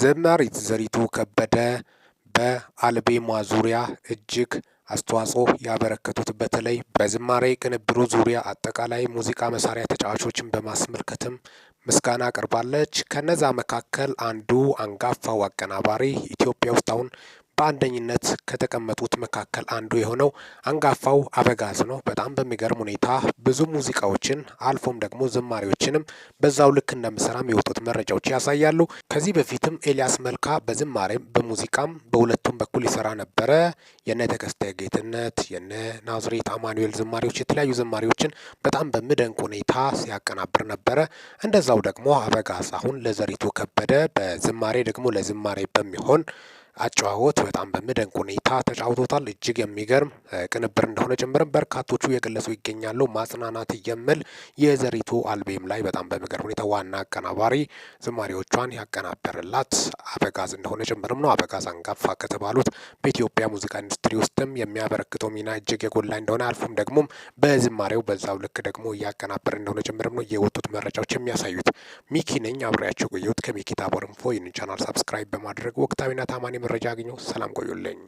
ዘማሪት ዘሪቱ ከበደ በአልቤማ ዙሪያ እጅግ አስተዋጽኦ ያበረከቱት በተለይ በዝማሬ ቅንብሩ ዙሪያ አጠቃላይ ሙዚቃ መሳሪያ ተጫዋቾችን በማስመልከትም ምስጋና አቅርባለች። ከነዛ መካከል አንዱ አንጋፋው አቀናባሪ ኢትዮጵያ ውስጥ አሁን በአንደኝነት ከተቀመጡት መካከል አንዱ የሆነው አንጋፋው አበጋዝ ነው። በጣም በሚገርም ሁኔታ ብዙ ሙዚቃዎችን አልፎም ደግሞ ዝማሬዎችንም በዛው ልክ እንደምሰራም የወጡት መረጃዎች ያሳያሉ። ከዚህ በፊትም ኤልያስ መልካ በዝማሬም በሙዚቃም በሁለቱም በኩል ይሰራ ነበረ። የነ ተከስተ ጌትነት፣ የነ ናዝሬት አማኑኤል ዝማሬዎች፣ የተለያዩ ዝማሬዎችን በጣም በሚደንቅ ሁኔታ ሲያቀናብር ነበረ። እንደዛው ደግሞ አበጋዝ አሁን ለዘሪቱ ከበደ በዝማሬ ደግሞ ለዝማሬ በሚሆን አጨዋወት በጣም በሚደንቅ ሁኔታ ተጫውቶታል። እጅግ የሚገርም ቅንብር እንደሆነ ጭምርም በርካቶቹ የገለጹ ይገኛሉ። ማጽናናት የሚል የዘሪቱ አልቤም ላይ በጣም በሚገርም ሁኔታ ዋና አቀናባሪ ዝማሪዎቿን ያቀናበረላት አበጋዝ እንደሆነ ጭምርም ነው። አበጋዝ አንጋፋ ከተባሉት በኢትዮጵያ ሙዚቃ ኢንዱስትሪ ውስጥም የሚያበረክተው ሚና እጅግ የጎላ እንደሆነ አልፎም ደግሞ በዝማሬው በዛው ልክ ደግሞ እያቀናበረ እንደሆነ ጭምርም ነው የወጡት መረጃዎች የሚያሳዩት። ሚኪ ነኝ አብሬያቸው ቆየሁት። ከሚኪ ታቦር ኢንፎ ቻናል ሰብስክራይብ በማድረግ ወቅታዊና ታማኝ መረጃ አግኘሁ። ሰላም ቆዩልኝ።